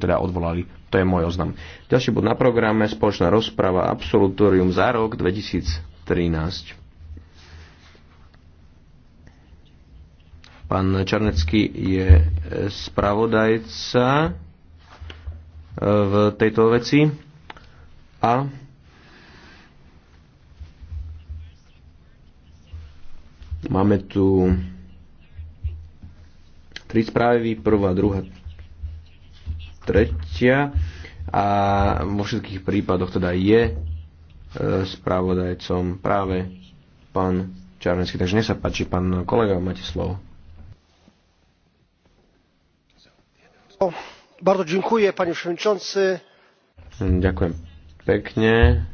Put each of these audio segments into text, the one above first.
teda odvolali. To je môj oznam. Ďalší bod na programe, spoločná rozprava Absolutorium za rok 2013. Pán Čarnecký je e, spravodajca e, v tejto veci a máme tu tri správy, prvá, druhá, tretia a vo všetkých prípadoch teda je e, spravodajcom práve pán Čarnecký. Takže nech sa páči, pán kolega, máte slovo. Bardzo dziękuję, panie przewodniczący. Ďakujem pekne.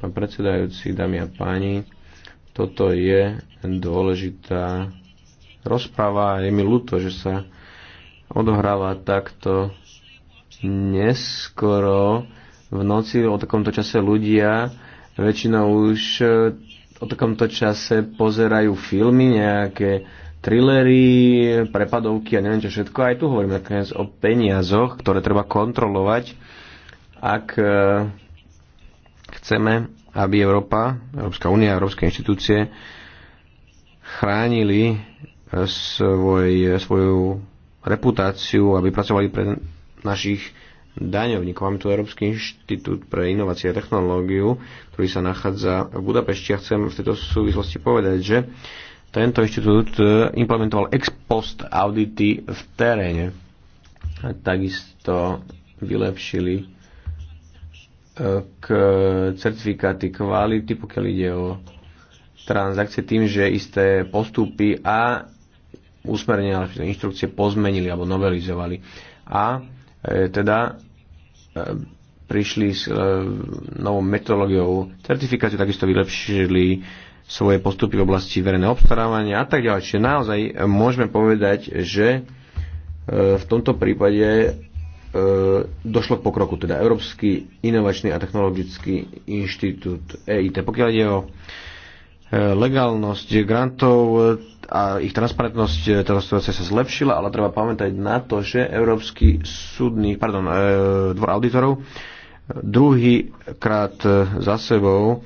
Pán predsedajúci, dámy a páni, toto je dôležitá rozpráva. Je mi ľúto, že sa odohráva takto neskoro v noci o takomto čase ľudia väčšinou už eh, o takomto čase pozerajú filmy, nejaké trillery, prepadovky a neviem čo všetko. Aj tu hovoríme nakoniec o peniazoch, ktoré treba kontrolovať, ak eh, chceme, aby Európa, Európska únia, Európske inštitúcie chránili eh, svoj, svoju reputáciu, aby pracovali pre našich daňovníkov. Máme tu Európsky inštitút pre inovácie a technológiu, ktorý sa nachádza v Budapešti a chcem v tejto súvislosti povedať, že tento inštitút e, implementoval ex post audity v teréne. A takisto vylepšili e, k certifikáty kvality, pokiaľ ide o transakcie, tým, že isté postupy a úsmernenia, inštrukcie pozmenili alebo novelizovali. A e, teda e, prišli s e, novou metodológiou certifikáciu, takisto vylepšili svoje postupy v oblasti verejného obstarávania a tak ďalej. Čiže naozaj môžeme povedať, že e, v tomto prípade e, došlo k pokroku, teda Európsky inovačný a technologický inštitút EIT. Pokiaľ ide o e, legálnosť grantov eh, a ich transparentnosť, eh, táto teda situácia sa zlepšila, ale treba pamätať na to, že Európsky súdny, pardon, eh, dvor auditorov druhý krát za sebou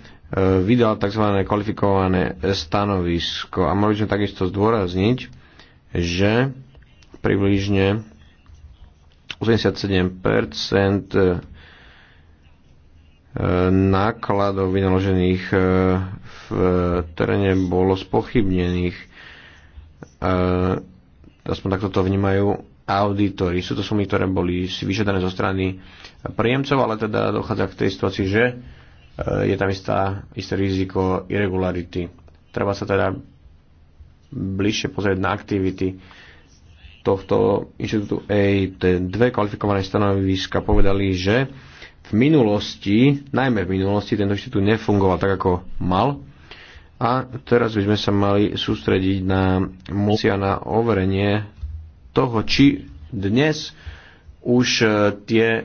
vydal tzv. kvalifikované stanovisko. A mohli sme takisto zdôrazniť, že približne 87% nákladov vynaložených e, v teréne bolo spochybnených. E, aspoň takto to vnímajú auditory. Sú to sumy, ktoré boli si vyžadané zo strany príjemcov, ale teda dochádza k tej situácii, že e, je tam istá, isté riziko irregularity. Treba sa teda bližšie pozrieť na aktivity tohto inštitútu EIT. Dve kvalifikované stanoviska povedali, že v minulosti, najmä v minulosti, tento štitút nefungoval tak, ako mal. A teraz by sme sa mali sústrediť na musia na overenie toho, či dnes už e, tie e,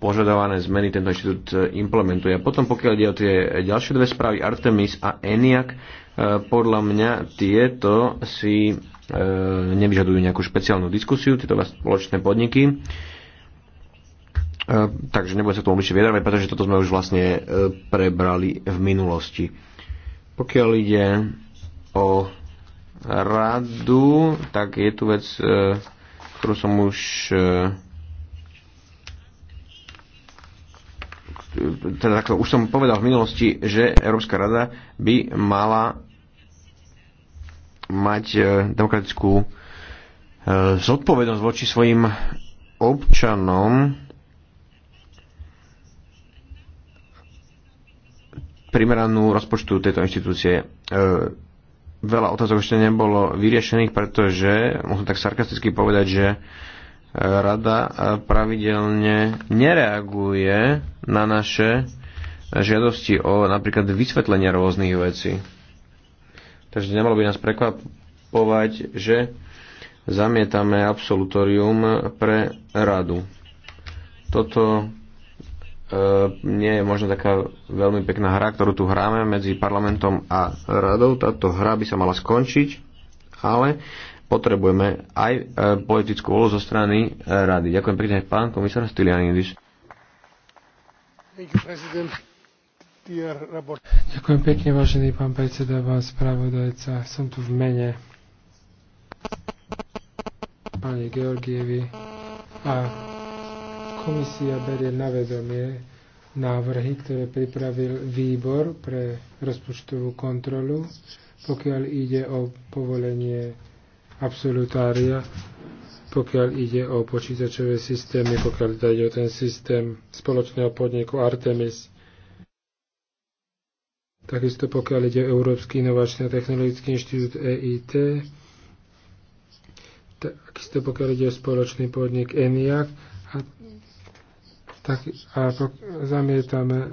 požadované zmeny tento inštitút e, implementuje. Potom pokiaľ ide o tie ďalšie dve správy, Artemis a ENIAC, podľa mňa tieto si nevyžadujú nejakú špeciálnu diskusiu, tieto vlastne spoločné podniky E, takže nebudem sa k tomu bližšie vyjadrovať, pretože toto sme už vlastne e, prebrali v minulosti. Pokiaľ ide o radu, tak je tu vec, e, ktorú som už teda takto, už som povedal v minulosti, že Európska rada by mala mať demokratickú zodpovednosť voči svojim občanom primeranú rozpočtu tejto inštitúcie. E, veľa otázok ešte nebolo vyriešených, pretože, musím tak sarkasticky povedať, že e, rada e, pravidelne nereaguje na naše žiadosti o napríklad vysvetlenie rôznych vecí. Takže nemalo by nás prekvapovať, že zamietame absolutorium pre radu. Toto E, nie je možno taká veľmi pekná hra, ktorú tu hráme medzi parlamentom a radou. Táto hra by sa mala skončiť, ale potrebujeme aj e, politickú volu zo strany e, rady. Ďakujem pekne, pán komisár Stylianidis. Ďakujem pekne, vážený pán predseda, pán spravodajca. Som tu v mene pani Georgievi a Komisia berie na vedomie návrhy, ktoré pripravil výbor pre rozpočtovú kontrolu, pokiaľ ide o povolenie absolutária, pokiaľ ide o počítačové systémy, pokiaľ teda ide o ten systém spoločného podniku Artemis. Takisto pokiaľ ide o Európsky inovačný a technologický inštitút EIT, takisto pokiaľ ide o spoločný podnik ENIAC a tak a zamietame e,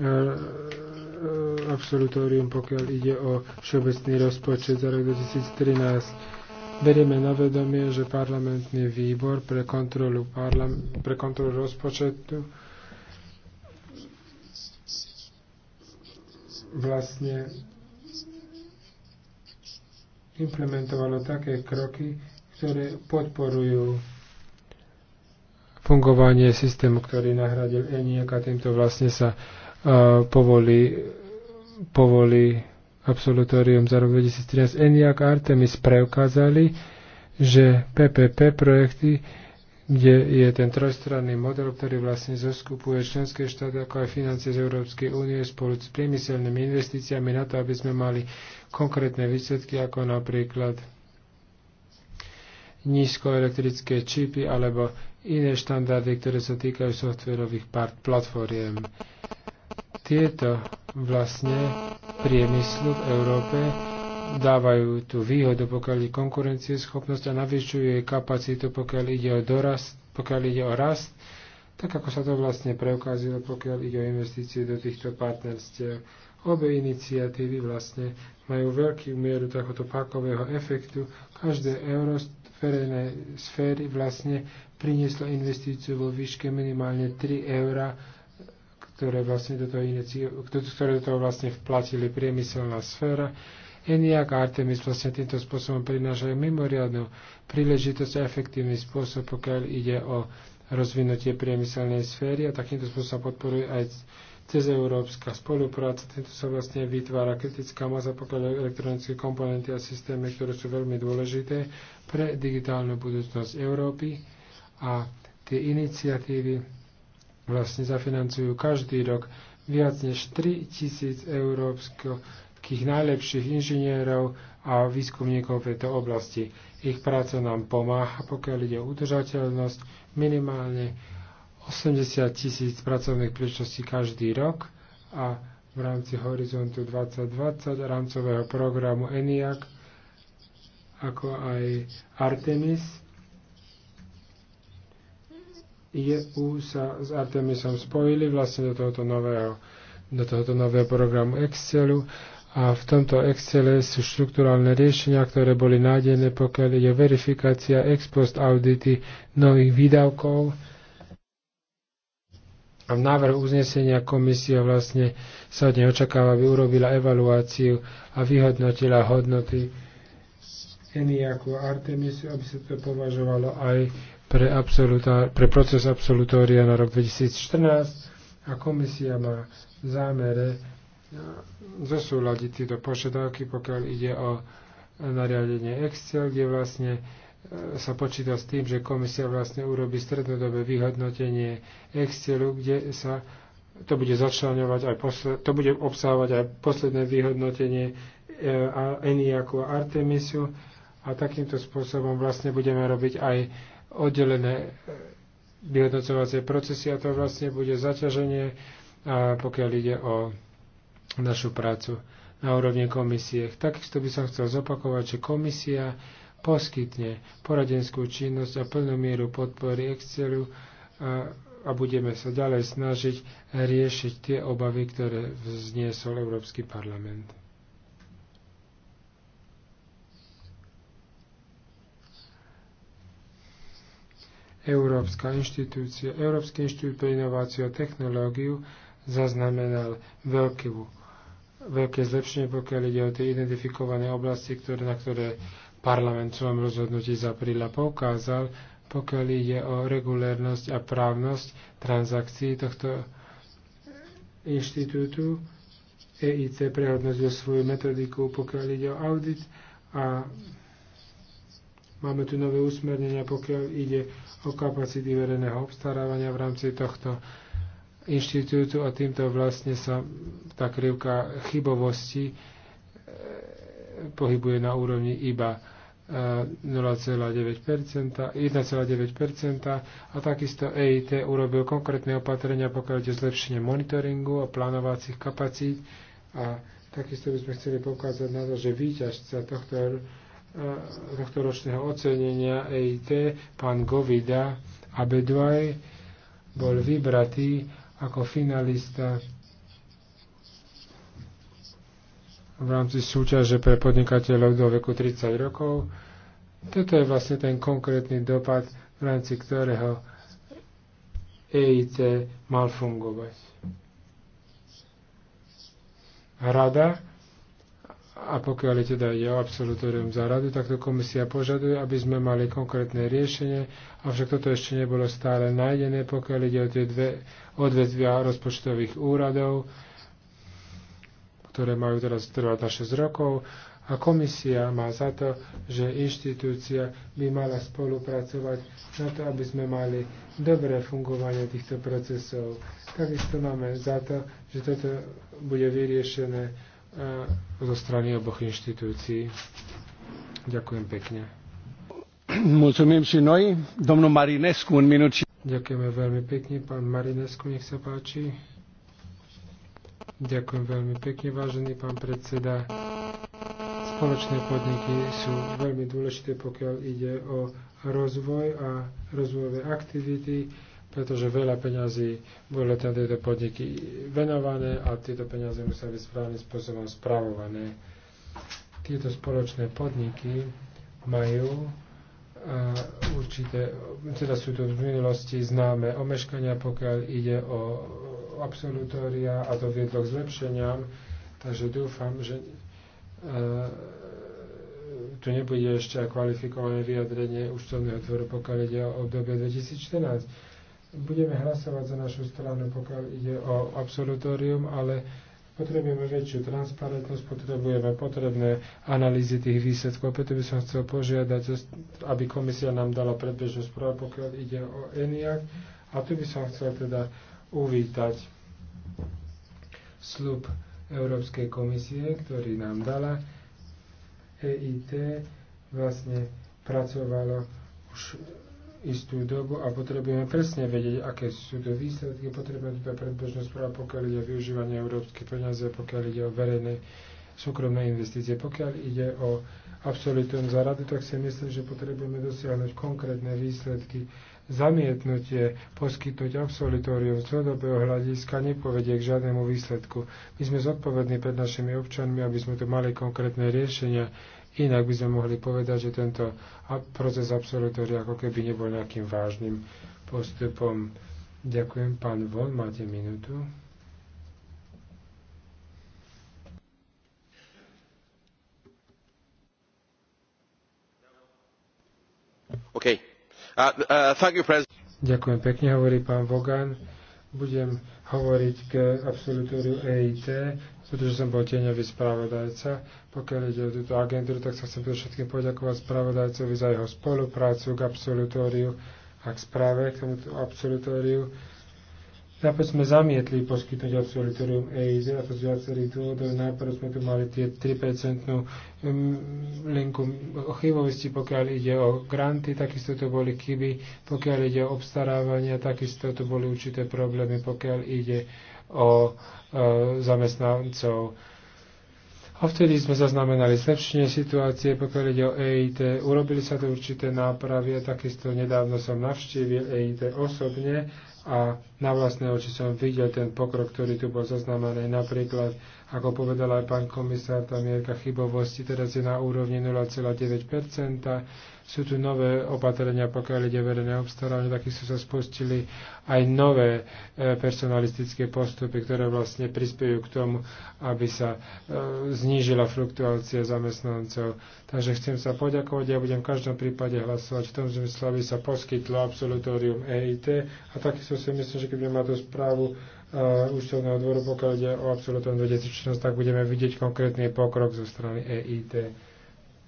e, absolutórium, pokiaľ ide o všeobecný rozpočet za rok 2013. Berieme na vedomie, že parlamentný výbor pre kontrolu, parlam, pre kontrolu rozpočetu vlastne implementovalo také kroky, ktoré podporujú fungovanie systému, ktorý nahradil ENIAC a týmto vlastne sa uh, povolí, povolí absolutórium za rok 2013. ENIAC a Artemis preukázali, že PPP projekty, kde je ten trojstranný model, ktorý vlastne zoskupuje členské štáty ako aj financie z Európskej únie spolu s priemyselnými investíciami na to, aby sme mali konkrétne výsledky ako napríklad nízkoelektrické čipy alebo iné štandardy, ktoré sa týkajú softverových platformiem. Tieto vlastne priemyslu v Európe dávajú tú výhodu, pokiaľ je konkurencieschopnosť a navyšujú kapacitu, pokiaľ ide o dorast, pokiaľ ide o rast, tak ako sa to vlastne preukázilo, pokiaľ ide o investície do týchto partnerstiev. Obe iniciatívy vlastne majú veľkú mieru takéhoto pakového efektu. Každé euro z verejnej sféry vlastne prinieslo investíciu vo výške minimálne 3 eur, ktoré, vlastne do toho ktoré do toho vlastne vplatili priemyselná sféra. ENIAC a Artemis vlastne týmto spôsobom prinášajú mimoriadnu príležitosť a efektívny spôsob, pokiaľ ide o rozvinutie priemyselnej sféry a takýmto spôsobom podporuje aj cez európska spolupráca. Týmto sa vlastne vytvára kritická masa, pokiaľ elektronické komponenty a systémy, ktoré sú veľmi dôležité pre digitálnu budúcnosť Európy a tie iniciatívy vlastne zafinancujú každý rok viac než 3 tisíc európskych najlepších inžinierov a výskumníkov v tejto oblasti. Ich práca nám pomáha, pokiaľ ide o udržateľnosť, minimálne 80 tisíc pracovných príležitostí každý rok a v rámci Horizontu 2020 rámcového programu ENIAC ako aj Artemis EU sa s Artemisom spojili vlastne do tohoto nového, do tohoto nového programu Excelu a v tomto Excele sú štruktúralne riešenia, ktoré boli nájdené, pokiaľ je verifikácia ex post audity nových výdavkov. A v návrhu uznesenia komisia vlastne sa od nej očakáva, aby urobila evaluáciu a vyhodnotila hodnoty Eniaku a Artemisu, aby sa to považovalo aj pre, pre proces absolutória na rok 2014 a komisia má v zámere e, zosúľadiť tieto požiadavky, pokiaľ ide o e, nariadenie Excel, kde vlastne e, sa počíta s tým, že komisia vlastne urobí strednodobé vyhodnotenie Excelu, kde sa to bude začlenovať aj posled, to bude obsávať aj posledné vyhodnotenie Eniaku a Artemisu a takýmto spôsobom vlastne budeme robiť aj oddelené e, vyhodnocovacie procesy a to vlastne bude zaťaženie, pokiaľ ide o našu prácu na úrovni komisie. Takisto by som chcel zopakovať, že komisia poskytne poradenskú činnosť a plnú mieru podpory Excelu a, a budeme sa ďalej snažiť riešiť tie obavy, ktoré vzniesol Európsky parlament. Európska inštitúcia, Európsky inštitút pre inováciu a technológiu zaznamenal veľkú, veľké zlepšenie, pokiaľ ide o tie identifikované oblasti, ktoré, na ktoré parlament v svojom rozhodnutí z apríla poukázal, pokiaľ ide o regulérnosť a právnosť transakcií tohto inštitútu. EIC prehodnotil svoju metodiku, pokiaľ ide o audit a Máme tu nové usmernenia, pokiaľ ide o kapacity verejného obstarávania v rámci tohto inštitútu a týmto vlastne sa tá krivka chybovosti e, pohybuje na úrovni iba 0,9%, e, 1,9% a takisto EIT urobil konkrétne opatrenia, pokiaľ ide zlepšenie monitoringu a plánovacích kapacít a takisto by sme chceli poukázať na to, že výťažca tohto Eh, tohto ročného ocenenia EIT, pán Govida Abedvaj, bol vybratý ako finalista v rámci súťaže pre podnikateľov do veku 30 rokov. Toto je vlastne ten konkrétny dopad, v rámci ktorého EIT mal fungovať. Rada a pokiaľ je teda ide o absolutórium za radu, tak to komisia požaduje, aby sme mali konkrétne riešenie, avšak toto ešte nebolo stále nájdené, pokiaľ ide o tie dve odvetvia rozpočtových úradov, ktoré majú teraz trvať na 6 rokov. A komisia má za to, že inštitúcia by mala spolupracovať na to, aby sme mali dobré fungovanie týchto procesov. Takisto máme za to, že toto bude vyriešené E, zo strany oboch inštitúcií. Ďakujem pekne. Mulțumim și noi. Domnul Marinescu, un minut și... Ďakujeme veľmi pekne, pán Marinescu, nech sa páči. Ďakujem veľmi pekne, vážený pán predseda. Spoločné podniky sú veľmi dôležité, pokiaľ ide o rozvoj a rozvojové aktivity pretože veľa peňazí bolo na tieto podniky venované a tieto peniaze museli byť správnym spôsobom spravované. Tieto spoločné podniky majú určité, teda sú to v minulosti známe omeškania, pokiaľ ide o absolutória a to viedlo k zlepšeniam, takže dúfam, že tu nebude ešte kvalifikované vyjadrenie účtovného dvoru, pokiaľ ide o obdobie 2014 Budeme hlasovať za našu stranu, pokiaľ ide o absolutórium, ale potrebujeme väčšiu transparentnosť, potrebujeme potrebné analýzy tých výsledkov. Preto by som chcel požiadať, aby komisia nám dala predbežnú správu, pokiaľ ide o ENIAC. A tu by som chcel teda uvítať slub Európskej komisie, ktorý nám dala. EIT vlastne pracovalo už istú dobu a potrebujeme presne vedieť, aké sú to výsledky, potrebujeme teda predbežnú správu, pokiaľ ide o využívanie európskych peniaze, pokiaľ ide o verejné súkromné investície. Pokiaľ ide o absolutum za tak si myslím, že potrebujeme dosiahnuť konkrétne výsledky. Zamietnutie, poskytnúť absolutórium z dlhodobého hľadiska nepovedie k žiadnemu výsledku. My sme zodpovední pred našimi občanmi, aby sme tu mali konkrétne riešenia. Inak by sme mohli povedať, že tento proces absolutória ako keby nebol nejakým vážnym postupom. Ďakujem, pán Von, máte minútu. Okay. Uh, uh, thank you, Ďakujem pekne, hovorí pán Vogan budem hovoriť k absolutóriu EIT, pretože som bol tieňový spravodajca. Pokiaľ ide o túto agentúru, tak sa chcem všetkým poďakovať spravodajcovi za jeho spoluprácu k absolutóriu a k správe k tomuto absolutóriu. Najprv sme zamietli poskytnúť absolutorium EIZ a to z viacerých dôvodov. Najprv sme tu mali tie 3% um, linku chybovosti, pokiaľ ide o granty, takisto to boli chyby, pokiaľ ide o obstarávania, takisto to boli určité problémy, pokiaľ ide o e, zamestnancov. A vtedy sme zaznamenali zlepšenie situácie, pokiaľ ide o EIT. Urobili sa to určité nápravy a takisto nedávno som navštívil EIT osobne a na vlastné oči som videl ten pokrok, ktorý tu bol zaznamený Napríklad, ako povedal aj pán komisár, tá mierka chybovosti teraz je na úrovni 0,9%, sú tu nové opatrenia, pokiaľ ide verejné obstarávanie, takisto sa spustili aj nové e, personalistické postupy, ktoré vlastne prispiejú k tomu, aby sa e, znížila fluktuácia zamestnancov. Takže chcem sa poďakovať, ja budem v každom prípade hlasovať v tom zmysle, aby sa poskytlo absolutórium EIT a takisto si myslím, že keď budeme mať tú správu e, ústavného dvoru, pokiaľ ide o absolutórium 2016, tak budeme vidieť konkrétny pokrok zo strany EIT.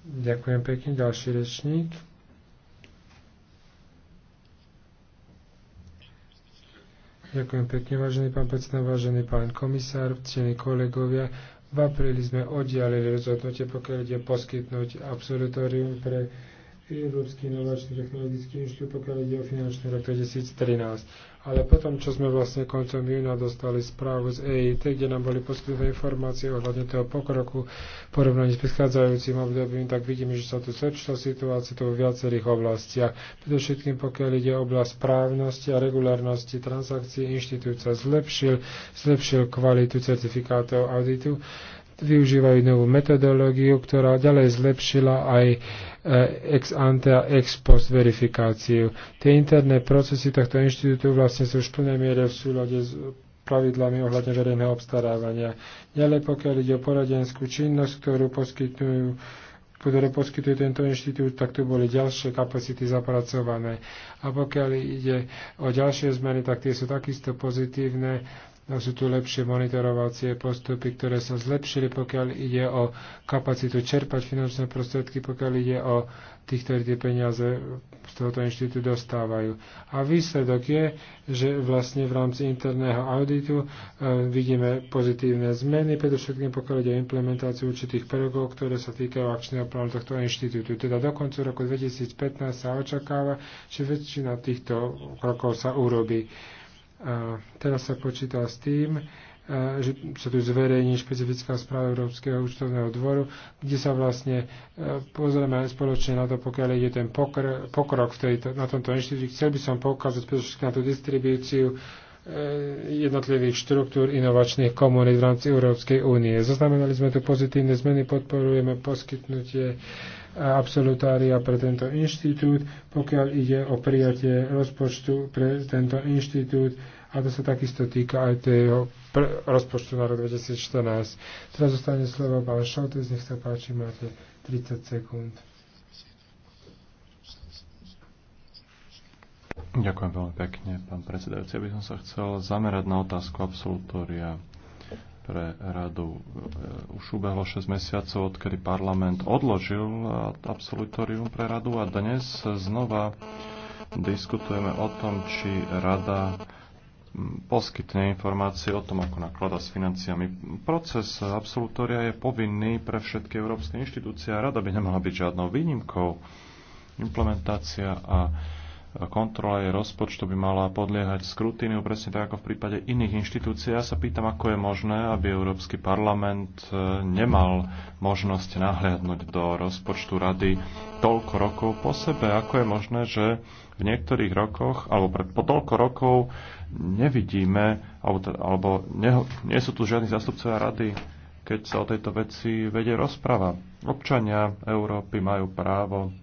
Ďakujem pekne. Ďalší rečník. Ďakujem pekne, vážený pán predseda, vážený pán komisár, ctení kolegovia. V apríli sme oddialili rozhodnutie, pokiaľ ide poskytnúť absolutórium pre Európsky inovačný technologický inštitút, pokiaľ ide o finančný rok 2013. Ale potom, čo sme vlastne koncom júna dostali správu z EIT, kde nám boli poskytnuté informácie ohľadne toho pokroku v porovnaní s predchádzajúcim obdobím, tak vidíme, že sa tu zlepšila situácia to vo viacerých oblastiach. Predovšetkým, pokiaľ ide o oblasť správnosti a regulárnosti transakcií, inštitút sa zlepšil, zlepšil kvalitu certifikátov auditu využívajú novú metodológiu, ktorá ďalej zlepšila aj e, ex ante a ex post verifikáciu. Tie interné procesy tohto inštitútu vlastne sú v plnej miere v súľade s pravidlami ohľadne verejného obstarávania. Ďalej, pokiaľ ide o poradenskú činnosť, ktorú poskytujú ktoré poskytuje tento inštitút, tak tu boli ďalšie kapacity zapracované. A pokiaľ ide o ďalšie zmeny, tak tie sú takisto pozitívne sú tu lepšie monitorovacie postupy, ktoré sa zlepšili, pokiaľ ide o kapacitu čerpať finančné prostriedky, pokiaľ ide o tých, ktorí tie peniaze z tohoto inštitútu dostávajú. A výsledok je, že vlastne v rámci interného auditu e, vidíme pozitívne zmeny, predovšetkým pokiaľ ide o implementáciu určitých prvkov, ktoré sa týkajú akčného plánu tohto inštitútu. Teda do konca roku 2015 sa očakáva, že väčšina týchto krokov sa urobí teraz sa počíta s tým, e, že sa tu zverejní špecifická správa Európskeho účtovného dvoru, kde sa vlastne e, pozrieme spoločne na to, pokiaľ ide ten pokr- pokrok v tejto, na tomto inštitúte. Chcel by som poukázať na tú distribúciu e, jednotlivých štruktúr inovačných komunít v rámci Európskej únie. Zaznamenali sme tu pozitívne zmeny, podporujeme poskytnutie absolutária pre tento inštitút, pokiaľ ide o prijatie rozpočtu pre tento inštitút a to sa takisto týka aj tého rozpočtu na rok 2014. Teraz zostane slovo pán Šoltes, nech sa páči, máte 30 sekúnd. Ďakujem veľmi pekne, pán predsedajúci. Ja by som sa chcel zamerať na otázku absolutória pre radu. E, už ubehlo 6 mesiacov, odkedy parlament odložil e, absolutórium pre radu a dnes znova diskutujeme o tom, či rada poskytne informácie o tom, ako naklada s financiami. Proces absolutória je povinný pre všetky európske inštitúcie a rada by nemala byť žiadnou výnimkou. Implementácia a kontrola jej rozpočtu by mala podliehať skrutíniu, presne tak ako v prípade iných inštitúcií. Ja sa pýtam, ako je možné, aby Európsky parlament e, nemal možnosť nahliadnúť do rozpočtu rady toľko rokov po sebe. Ako je možné, že v niektorých rokoch, alebo pred, po toľko rokov nevidíme, alebo, teda, alebo ne, nie sú tu žiadni zastupcovia rady, keď sa o tejto veci vedie rozpráva. Občania Európy majú právo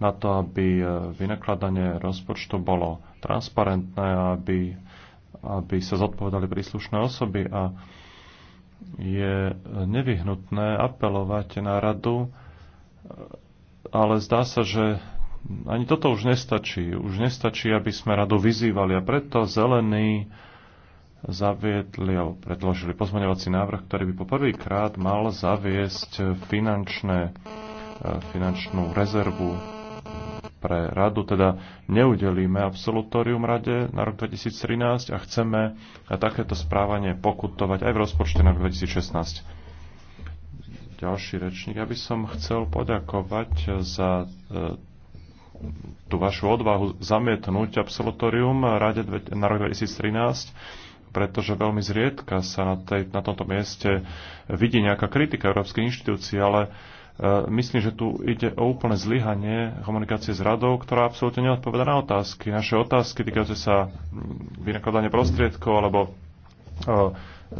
na to, aby e, vynakladanie rozpočtu bolo transparentné a aby, aby sa zodpovedali príslušné osoby a je nevyhnutné apelovať na radu, e, ale zdá sa, že ani toto už nestačí. Už nestačí, aby sme radu vyzývali a preto zelení zaviedli alebo predložili pozmeňovací návrh, ktorý by po prvýkrát mal zaviesť finančné, e, finančnú rezervu pre radu, teda neudelíme absolutórium rade na rok 2013 a chceme takéto správanie pokutovať aj v rozpočte na rok 2016. Ďalší rečník, ja by som chcel poďakovať za e, tú vašu odvahu zamietnúť absolutórium rade na rok 2013 pretože veľmi zriedka sa na, tej, na tomto mieste vidí nejaká kritika európskej inštitúcii, ale uh, E, myslím, že tu ide o úplné zlyhanie komunikácie s radou, ktorá absolútne neodpoveda na otázky. Naše otázky týkajúce sa mm, vynakladania prostriedkov alebo e,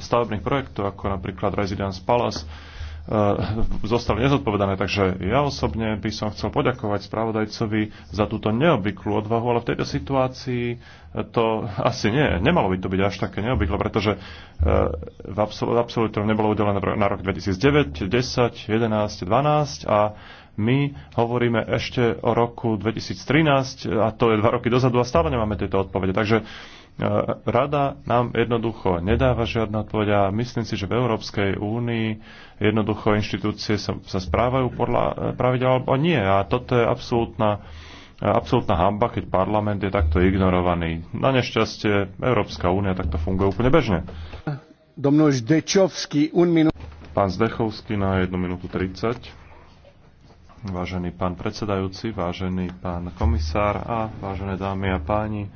stavebných projektov, ako napríklad Residence Palace, Eh, zostali nezodpovedané. Takže ja osobne by som chcel poďakovať spravodajcovi za túto neobvyklú odvahu, ale v tejto situácii eh, to asi nie. Nemalo by to byť až také neobvyklé, pretože eh, v absolútnom nebolo udelené na rok 2009, 10, 11, 12 a my hovoríme ešte o roku 2013 a to je dva roky dozadu a stále nemáme tieto odpovede. Takže Rada nám jednoducho nedáva žiadna odpoveď a myslím si, že v Európskej únii jednoducho inštitúcie sa, sa správajú podľa e, pravidel alebo nie. A toto je absolútna, absolútna hamba, keď parlament je takto ignorovaný. Na nešťastie Európska únia takto funguje úplne bežne. Pán Zdechovský na 1 minútu 30. Vážený pán predsedajúci, vážený pán komisár a vážené dámy a páni,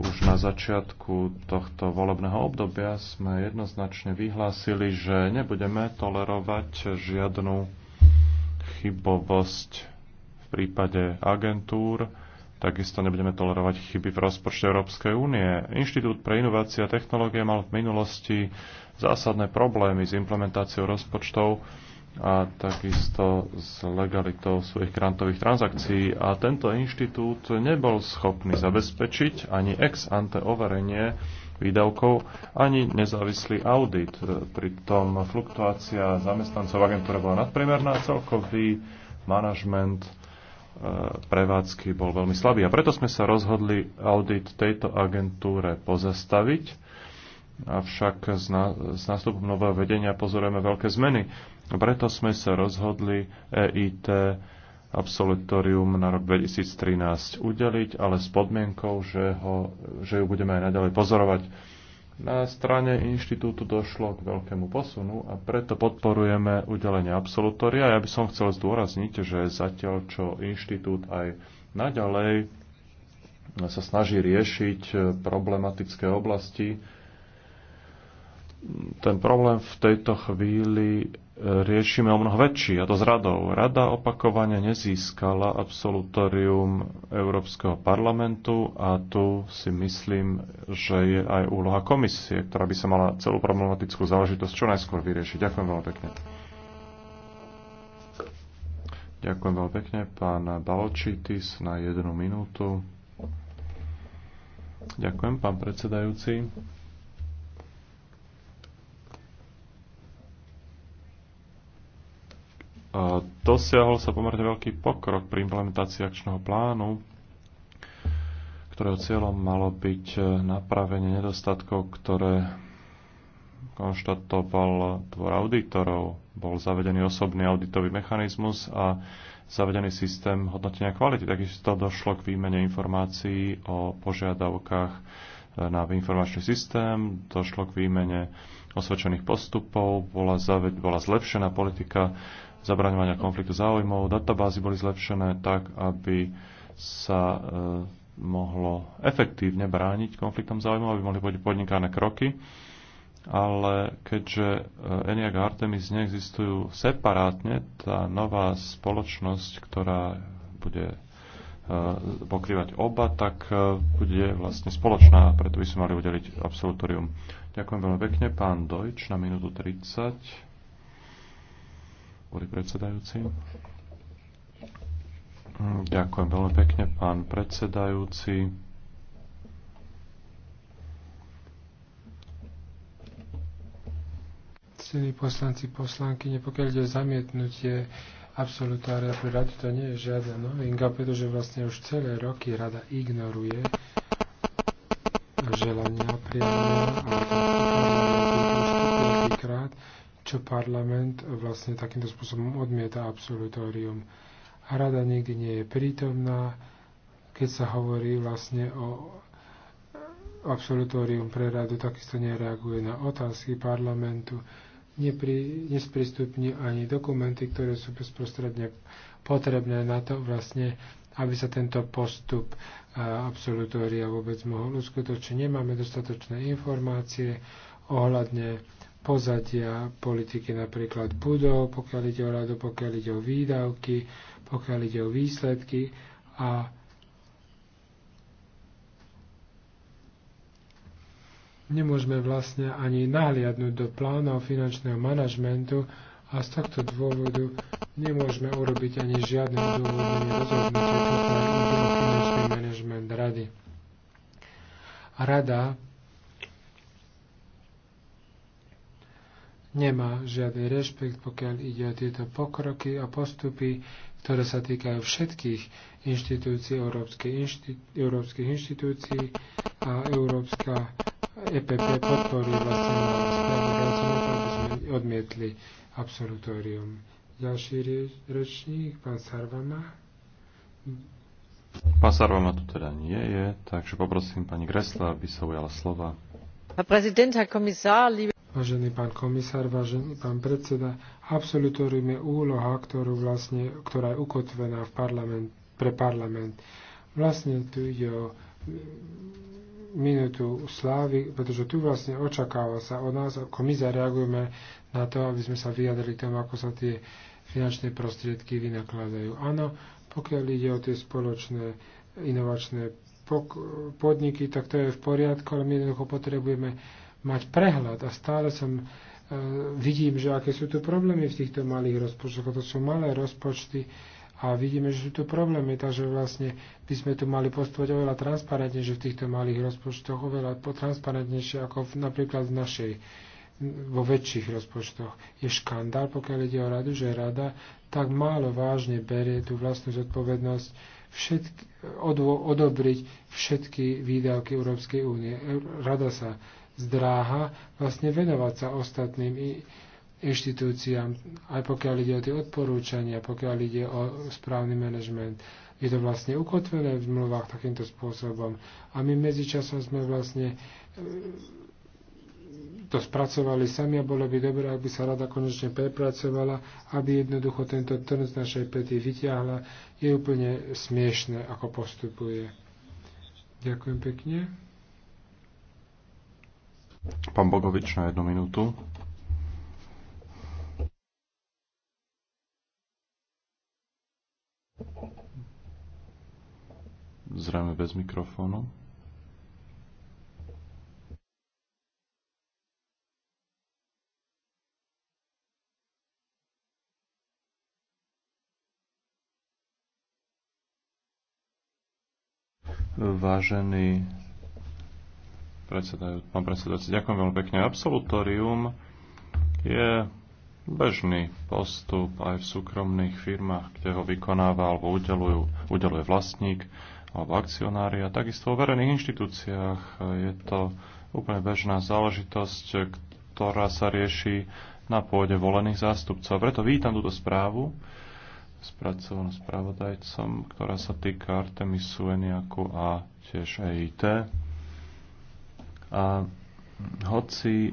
už na začiatku tohto volebného obdobia sme jednoznačne vyhlásili, že nebudeme tolerovať žiadnu chybovosť v prípade agentúr, Takisto nebudeme tolerovať chyby v rozpočte Európskej únie. Inštitút pre inovácie a technológie mal v minulosti zásadné problémy s implementáciou rozpočtov a takisto s legalitou svojich grantových transakcií. A tento inštitút nebol schopný zabezpečiť ani ex ante overenie výdavkov, ani nezávislý audit. Pritom fluktuácia zamestnancov agentúre bola nadpriemerná a celkový manažment e, prevádzky bol veľmi slabý. A preto sme sa rozhodli audit tejto agentúre pozastaviť Avšak s nástupom nového vedenia pozorujeme veľké zmeny. Preto sme sa rozhodli EIT absolutorium na rok 2013 udeliť, ale s podmienkou, že, ho, že ju budeme aj naďalej pozorovať. Na strane inštitútu došlo k veľkému posunu a preto podporujeme udelenie absolutória. Ja by som chcel zdôrazniť, že zatiaľ čo inštitút aj naďalej sa snaží riešiť problematické oblasti, ten problém v tejto chvíli e, riešime o mnoho väčší, a to s radou. Rada opakovane nezískala absolutorium Európskeho parlamentu a tu si myslím, že je aj úloha komisie, ktorá by sa mala celú problematickú záležitosť čo najskôr vyriešiť. Ďakujem veľmi pekne. Ďakujem veľmi pekne, pán Balčitis, na jednu minútu. Ďakujem, pán predsedajúci. dosiahol sa pomerne veľký pokrok pri implementácii akčného plánu, ktorého cieľom malo byť e, napravenie nedostatkov, ktoré konštatoval dvor auditorov. Bol zavedený osobný auditový mechanizmus a zavedený systém hodnotenia kvality. Takisto došlo k výmene informácií o požiadavkách e, na informačný systém, došlo k výmene osvedčených postupov, bola, zaved, bola zlepšená politika zabraňovania konfliktu záujmov. Databázy boli zlepšené tak, aby sa e, mohlo efektívne brániť konfliktom záujmov, aby mohli byť podnikané kroky. Ale keďže e, ENIAC a Artemis neexistujú separátne, tá nová spoločnosť, ktorá bude e, pokrývať oba, tak bude vlastne spoločná, preto by sme mali udeliť absolutorium. Ďakujem veľmi pekne, pán Dojč, na minútu 30 hovorí predsedajúci. Ďakujem veľmi pekne, pán predsedajúci. Cení poslanci, poslanky, nepokiaľ ide o zamietnutie absolutária pre radu, to nie je žiadna novinka, pretože vlastne už celé roky rada ignoruje želania priamo parlament vlastne takýmto spôsobom odmieta absolutórium. Rada nikdy nie je prítomná, keď sa hovorí vlastne o absolutórium pre radu, takisto nereaguje na otázky parlamentu, nepri, nesprístupní ani dokumenty, ktoré sú bezprostredne potrebné na to vlastne, aby sa tento postup absolutória vôbec mohol uskutočniť. Nemáme dostatočné informácie ohľadne pozadia politiky napríklad budov, pokiaľ ide o rado, pokiaľ ide o výdavky, pokiaľ ide o výsledky a nemôžeme vlastne ani nahliadnúť do plánov finančného manažmentu a z tohto dôvodu nemôžeme urobiť ani žiadne dôvodné rozhodnutie, ktoré ide finančný manažment rady. Rada nemá žiadny rešpekt, pokiaľ ide o tieto pokroky a postupy, ktoré sa týkajú všetkých inštitúcií, európskych, inštit... európskych inštitúcií a Európska EPP podporí vlastne spravodajcu, aby sme odmietli absolutórium. Ďalší rečník, pán Sarvama. Pán Sarvama tu teda nie je, takže poprosím pani Gresla, aby sa ujala slova. Pán prezident, pán komisár, líbe... Vážený pán komisár, vážený pán predseda, absolutórium je úloha, ktorú vlastne, ktorá je ukotvená v parlament, pre parlament. Vlastne tu ide o mm, minútu slávy, pretože tu vlastne očakáva sa od nás, ako my zareagujeme na to, aby sme sa vyjadrili tomu, ako sa tie finančné prostriedky vynakladajú. Áno, pokiaľ ide o tie spoločné inovačné podniky, tak to je v poriadku, ale my jednoducho potrebujeme mať prehľad a stále som e, vidím, že aké sú tu problémy v týchto malých rozpočtoch. To sú malé rozpočty a vidíme, že sú tu problémy, takže vlastne by sme tu mali postupovať oveľa transparentnejšie v týchto malých rozpočtoch, oveľa transparentnejšie ako v, napríklad v našej vo väčších rozpočtoch. Je škandál, pokiaľ ide o radu, že rada tak málo vážne berie tú vlastnú zodpovednosť všetky, odvo, odobriť všetky výdavky Európskej únie. Rada sa zdráha vlastne venovať sa ostatným inštitúciám, aj pokiaľ ide o tie odporúčania, pokiaľ ide o správny manažment. Je to vlastne ukotvené v zmluvách takýmto spôsobom. A my medzičasom sme vlastne e, to spracovali sami a bolo by dobré, ak by sa rada konečne prepracovala, aby jednoducho tento trn z našej pety vyťahla. Je úplne smiešne, ako postupuje. Ďakujem pekne. Pán Bogovič na jednu minútu. Zrejme bez mikrofónu. Vážený predsedajú, pán predsedajúci. Ďakujem veľmi pekne. Absolutorium je bežný postup aj v súkromných firmách, kde ho vykonáva alebo udelujú, udeluje vlastník alebo akcionári a takisto vo verejných inštitúciách je to úplne bežná záležitosť, ktorá sa rieši na pôde volených zástupcov. A preto vítam túto správu spracovanú spravodajcom, ktorá sa týka Artemisu, Eniaku a tiež EIT. A hoci e,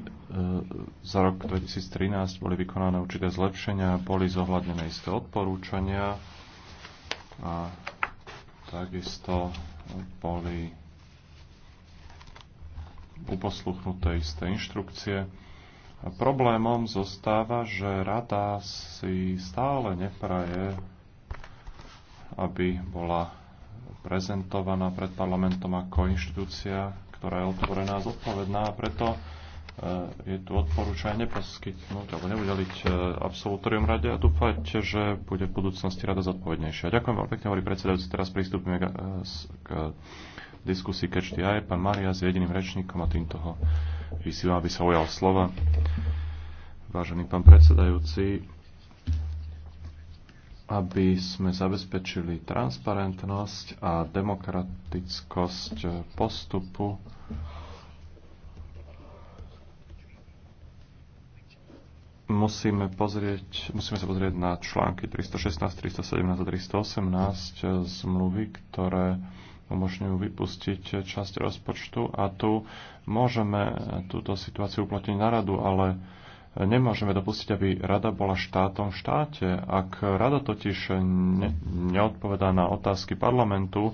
za rok 2013 boli vykonané určité zlepšenia, boli zohľadnené isté odporúčania a takisto boli uposluchnuté isté inštrukcie. A problémom zostáva, že rada si stále nepraje, aby bola prezentovaná pred parlamentom ako inštitúcia, ktorá je otvorená a zodpovedná a preto e, je tu odporúčanie neposkytnúť alebo neudeliť e, absolutorium rade a dúfajte, že bude v budúcnosti rada zodpovednejšia. Ďakujem veľmi pekne, hovorí predsedajúci. Teraz pristúpime k, e, k diskusii Catch the Eye. Pán Maria s jediným rečníkom a týmto ho vysílam, aby sa ujal slova. Vážený pán predsedajúci, aby sme zabezpečili transparentnosť a demokratickosť postupu musíme, pozrieť, musíme sa pozrieť na články 316, 317 a 318 zmluvy, ktoré umožňujú vypustiť časť rozpočtu a tu môžeme túto situáciu uplatniť na radu, ale Nemôžeme dopustiť, aby rada bola štátom v štáte. Ak rada totiž ne, neodpovedá na otázky parlamentu,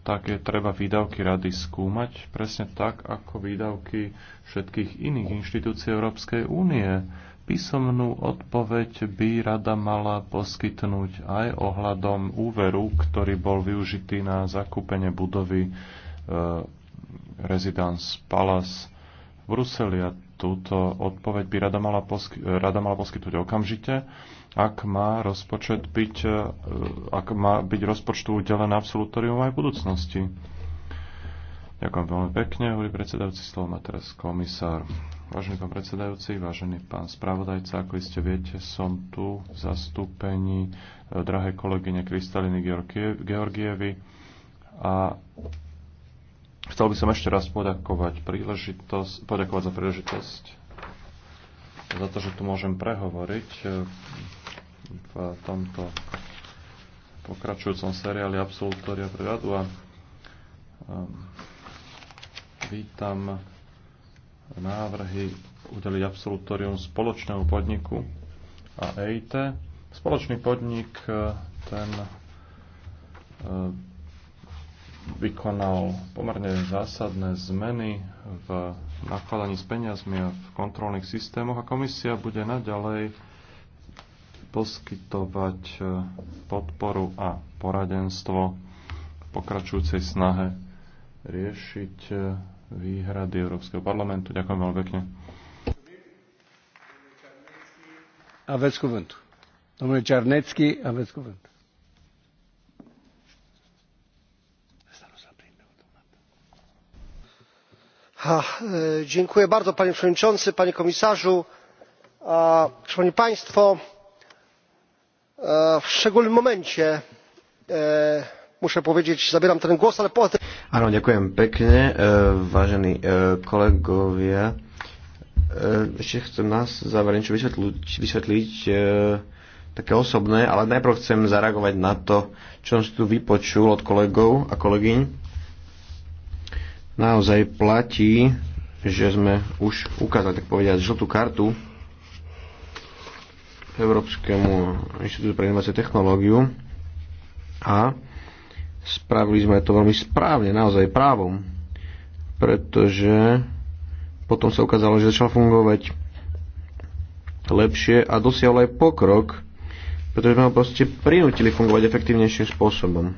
tak je treba výdavky rady skúmať presne tak, ako výdavky všetkých iných inštitúcií Európskej únie. Písomnú odpoveď by rada mala poskytnúť aj ohľadom úveru, ktorý bol využitý na zakúpenie budovy e, Residence Palace v Bruseli. A túto odpoveď by rada mala, posky, rada mala poskytnúť okamžite, ak má rozpočet byť, e, ak má byť rozpočtu udelené absolutorium aj v budúcnosti. Ďakujem veľmi pekne, hovorí predsedajúci, slovo má teraz komisár. Vážený pán predsedajúci, vážený pán spravodajca, ako iste viete, som tu v zastúpení e, drahej kolegyne Kristaliny Georgievy a Chcel by som ešte raz poďakovať, príležitosť, poďakovať za príležitosť, za to, že tu môžem prehovoriť eh, v tomto pokračujúcom seriáli Absolutória pre radu a eh, vítam návrhy udeliť absolutórium spoločnému podniku a EIT. Spoločný podnik eh, ten vykonal pomerne zásadné zmeny v nakladaní s peniazmi a v kontrolných systémoch a komisia bude naďalej poskytovať e, podporu a poradenstvo v pokračujúcej snahe riešiť e, výhrady Európskeho parlamentu. Ďakujem veľmi pekne. Aveți cuvântul. Domnule Cernețchi, aveți cuvântul. E, panie przewodniczący! panie komisarzu! szanowni państwo! E, w szczególnym momencie e, muszę powiedzieć zabieram ten głos ale poza tym. áno ďakujem pekne vážení kolegovia. ešte chcem na záver niečo vysvetliť, vysvetliť také osobné, ale najprv chcem zareagovať na to, čo som si tu vypočul od kolegov a kolegyň naozaj platí, že sme už ukázali, tak povediať, žltú kartu Európskemu inštitútu pre inovácie technológiu a spravili sme to veľmi správne, naozaj právom, pretože potom sa ukázalo, že začal fungovať lepšie a dosiahol aj pokrok, pretože sme ho proste prinútili fungovať efektívnejším spôsobom.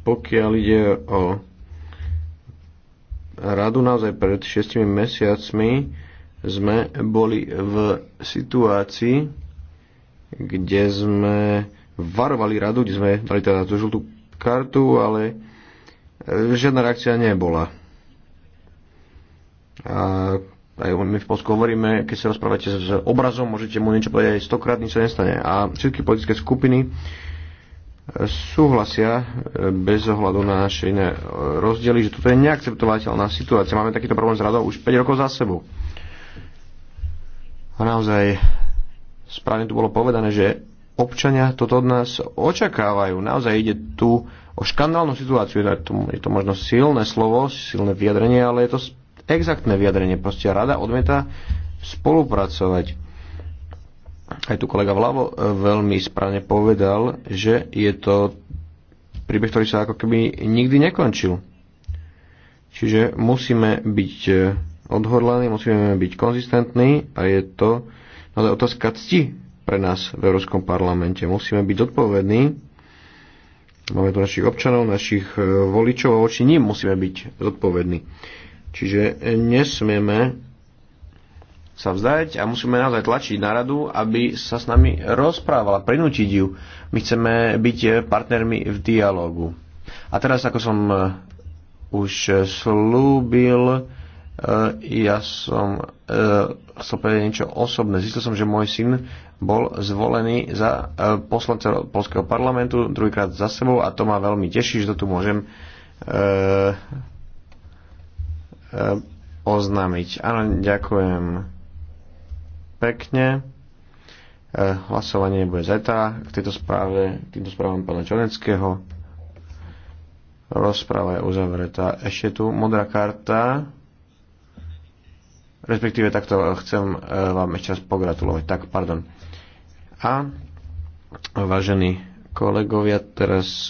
Pokiaľ ide o radu. Naozaj pred šestimi mesiacmi sme boli v situácii, kde sme varovali radu, kde sme dali teda tú žltú kartu, ale e, žiadna reakcia nebola. A aj my v Polsku hovoríme, keď sa rozprávate s obrazom, môžete mu niečo povedať aj stokrát, nič sa nestane. A všetky politické skupiny súhlasia e, bez ohľadu na naše iné e, rozdiely, že toto je neakceptovateľná situácia. Máme takýto problém s radou už 5 rokov za sebou. A naozaj správne tu bolo povedané, že občania toto od nás očakávajú. Naozaj ide tu o škandálnu situáciu. Je to, je to možno silné slovo, silné vyjadrenie, ale je to exaktné vyjadrenie. Proste rada odmeta spolupracovať aj tu kolega Vlavo e, veľmi správne povedal, že je to príbeh, ktorý sa ako keby nikdy nekončil. Čiže musíme byť e, odhodlaní, musíme byť konzistentní a je to naozaj otázka cti pre nás v Európskom parlamente. Musíme byť odpovední. Máme tu našich občanov, našich e, voličov a voči ním musíme byť zodpovední. Čiže nesmieme sa vzdať a musíme naozaj tlačiť na radu, aby sa s nami rozprávala, prinútiť ju. My chceme byť partnermi v dialogu. A teraz, ako som e, už slúbil, e, ja som e, chcel povedať niečo osobné. Zistil som, že môj syn bol zvolený za poslanca Polského parlamentu druhýkrát za sebou a to ma veľmi teší, že to tu môžem oznámiť. Áno, ďakujem pekne. E, hlasovanie bude zajtra k tejto správe, k týmto správam pána Čoneckého. Rozpráva je uzavretá. Ešte tu modrá karta. Respektíve takto chcem e, vám ešte raz pogratulovať. Tak, pardon. A vážení kolegovia, teraz